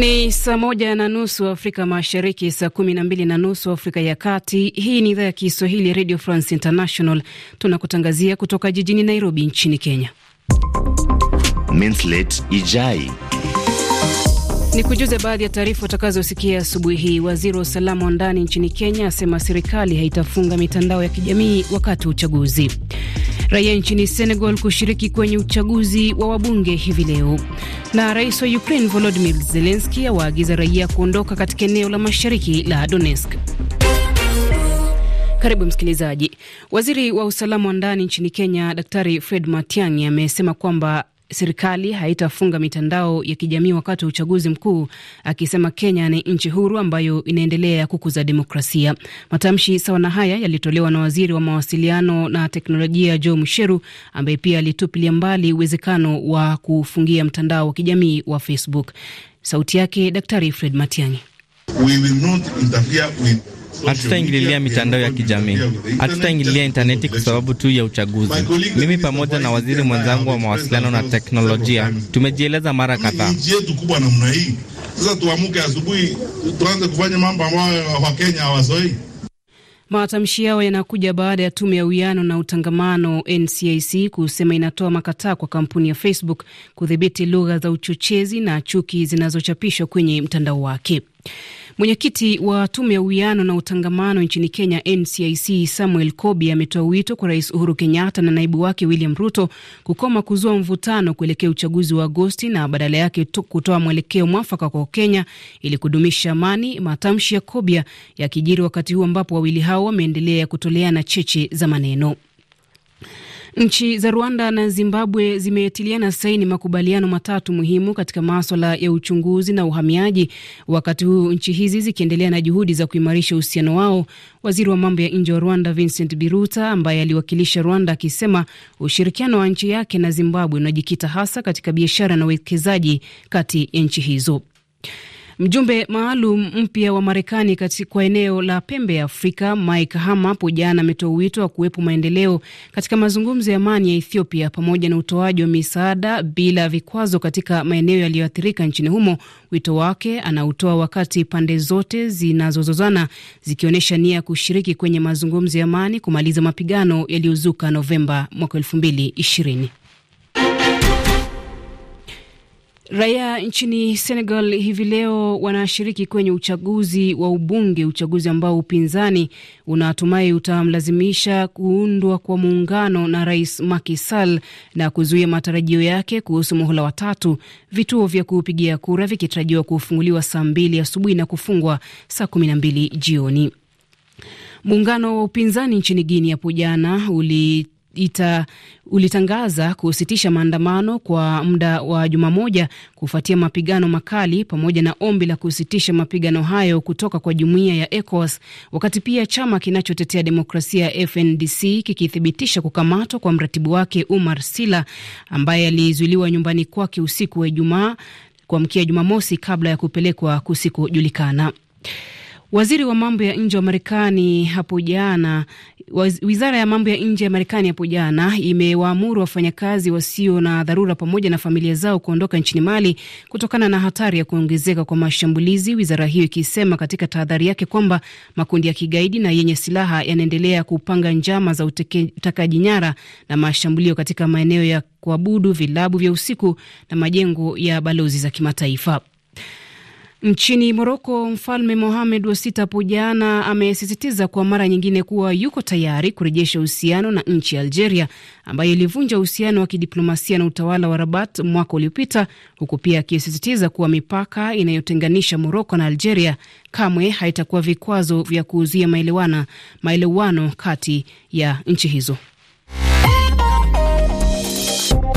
Ni saa moja na nusu Afrika Mashariki, saa kumi na mbili na nusu Afrika ya Kati. Hii ni idhaa ya Kiswahili ya Radio France International, tunakutangazia kutoka jijini Nairobi nchini Kenya. Ijai ni kujuze baadhi ya taarifa utakazosikia asubuhi hii. Waziri wa usalama wa ndani nchini Kenya asema serikali haitafunga mitandao ya kijamii wakati wa uchaguzi. Raia nchini Senegal kushiriki kwenye uchaguzi wa wabunge hivi leo, na rais wa Ukraine volodimir zelenski awaagiza raia kuondoka katika eneo la mashariki la Donetsk. Karibu msikilizaji. Waziri wa usalama wa ndani nchini Kenya Daktari Fred Matiang'i amesema kwamba serikali haitafunga mitandao ya kijamii wakati wa uchaguzi mkuu, akisema Kenya ni nchi huru ambayo inaendelea kukuza demokrasia. Matamshi sawa na haya yalitolewa na waziri wa mawasiliano na teknolojia Joe msheru ambaye pia alitupilia mbali uwezekano wa kufungia mtandao wa kijamii wa Facebook. Sauti yake Daktari Fred Matiang'i. We will not interfere with hatutaingililia mitandao ya kijamii, hatutaingililia intaneti kwa sababu tu ya uchaguzi. Mimi pamoja na waziri mwenzangu wa mawasiliano na teknolojia tumejieleza mara kadhaa. Sasa tuamke asubuhi, tuanze kufanya mambo ambayo wakenya hawazoei. Matamshi yao yanakuja baada ya tume ya uwiano na utangamano NCIC kusema inatoa makataa kwa kampuni ya Facebook kudhibiti lugha za uchochezi na chuki zinazochapishwa kwenye mtandao wake. Mwenyekiti wa tume ya uwiano na utangamano nchini Kenya, NCIC, Samuel Kobi ametoa wito kwa Rais Uhuru Kenyatta na naibu wake William Ruto kukoma kuzua mvutano kuelekea uchaguzi wa Agosti na badala yake kutoa mwelekeo mwafaka kwa Kenya ili kudumisha amani. Matamshi ya Kobia yakijiri wakati huu ambapo wawili hao wameendelea kutoleana cheche za maneno. Nchi za Rwanda na Zimbabwe zimetiliana saini makubaliano matatu muhimu katika maswala ya uchunguzi na uhamiaji, wakati huu nchi hizi zikiendelea na juhudi za kuimarisha uhusiano wao, waziri wa mambo ya nje wa Rwanda Vincent Biruta ambaye aliwakilisha Rwanda akisema ushirikiano wa nchi yake na Zimbabwe unajikita hasa katika biashara na uwekezaji kati ya nchi hizo. Mjumbe maalum mpya wa Marekani kwa eneo la pembe ya Afrika Mike Hammer hapo jana ametoa wito wa kuwepo maendeleo katika mazungumzo ya amani ya Ethiopia pamoja na utoaji wa misaada bila vikwazo katika maeneo yaliyoathirika nchini humo. Wito wake anautoa wakati pande zote zinazozozana zikionyesha nia ya kushiriki kwenye mazungumzo ya amani kumaliza mapigano yaliyozuka Novemba mwaka e220 Raia nchini Senegal hivi leo wanashiriki kwenye uchaguzi wa ubunge, uchaguzi ambao upinzani unatumai utamlazimisha kuundwa kwa muungano na Rais Macky Sall na kuzuia matarajio yake kuhusu muhula watatu, vituo vya kupigia kura vikitarajiwa kufunguliwa saa mbili asubuhi na kufungwa saa kumi na mbili jioni. Muungano wa upinzani nchini Guinea hapo jana uli ita ulitangaza kusitisha maandamano kwa muda wa juma moja kufuatia mapigano makali pamoja na ombi la kusitisha mapigano hayo kutoka kwa jumuiya ya ECOWAS, wakati pia chama kinachotetea demokrasia FNDC kikithibitisha kukamatwa kwa mratibu wake Umar Sila ambaye alizuiliwa nyumbani kwake usiku wa Ijumaa kuamkia Jumamosi kabla ya kupelekwa kusikojulikana. Waziri wa mambo ya nje wa Marekani hapo jana, wizara ya mambo ya nje ya Marekani hapo jana imewaamuru wafanyakazi wasio na dharura pamoja na familia zao kuondoka nchini Mali kutokana na hatari ya kuongezeka kwa mashambulizi, wizara hiyo ikisema katika tahadhari yake kwamba makundi ya kigaidi na yenye silaha yanaendelea kupanga njama za utekaji nyara na mashambulio katika maeneo ya kuabudu, vilabu vya usiku na majengo ya balozi za kimataifa. Nchini Moroko, Mfalme Mohamed wa Sita hapo jana amesisitiza kwa mara nyingine kuwa yuko tayari kurejesha uhusiano na nchi ya Algeria ambayo ilivunja uhusiano wa kidiplomasia na utawala wa Rabat mwaka uliopita, huku pia akisisitiza kuwa mipaka inayotenganisha Moroko na Algeria kamwe haitakuwa vikwazo vya kuuzia maelewano kati ya nchi hizo.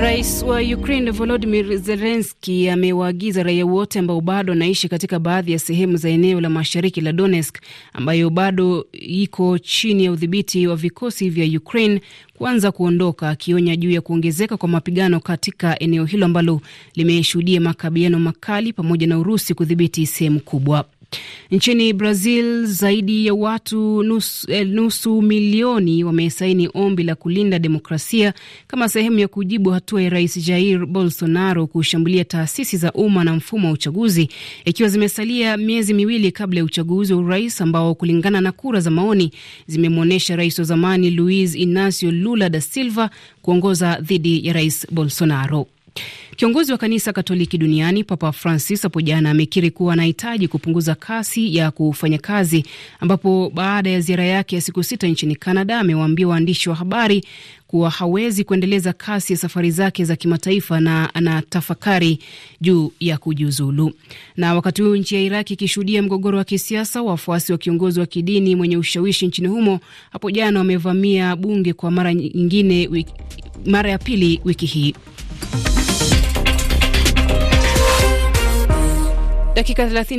Rais wa Ukraine volodimir zelenski amewaagiza raia wote ambao bado wanaishi katika baadhi ya sehemu za eneo la mashariki la Donetsk ambayo bado iko chini ya udhibiti wa vikosi vya Ukraine kuanza kuondoka, akionya juu ya kuongezeka kwa mapigano katika eneo hilo ambalo limeshuhudia makabiliano makali pamoja na Urusi kudhibiti sehemu kubwa. Nchini Brazil zaidi ya watu nusu, eh, nusu milioni wamesaini ombi la kulinda demokrasia kama sehemu ya kujibu hatua ya Rais Jair Bolsonaro kushambulia taasisi za umma na mfumo wa uchaguzi, ikiwa zimesalia miezi miwili kabla ya uchaguzi wa urais ambao kulingana na kura za maoni zimemwonyesha rais wa zamani Luiz Inacio Lula da Silva kuongoza dhidi ya Rais Bolsonaro. Kiongozi wa kanisa Katoliki duniani Papa Francis hapo jana amekiri kuwa anahitaji kupunguza kasi ya kufanya kazi, ambapo baada ya ziara yake ya siku sita nchini Canada amewaambia waandishi wa habari kuwa hawezi kuendeleza kasi ya safari zake za kimataifa na anatafakari juu ya kujiuzulu. Na wakati huu nchi ya Iraki ikishuhudia mgogoro wa kisiasa, wafuasi wa kiongozi wa kidini mwenye ushawishi nchini humo hapo jana wamevamia bunge kwa mara nyingine, mara ya pili wiki hii. la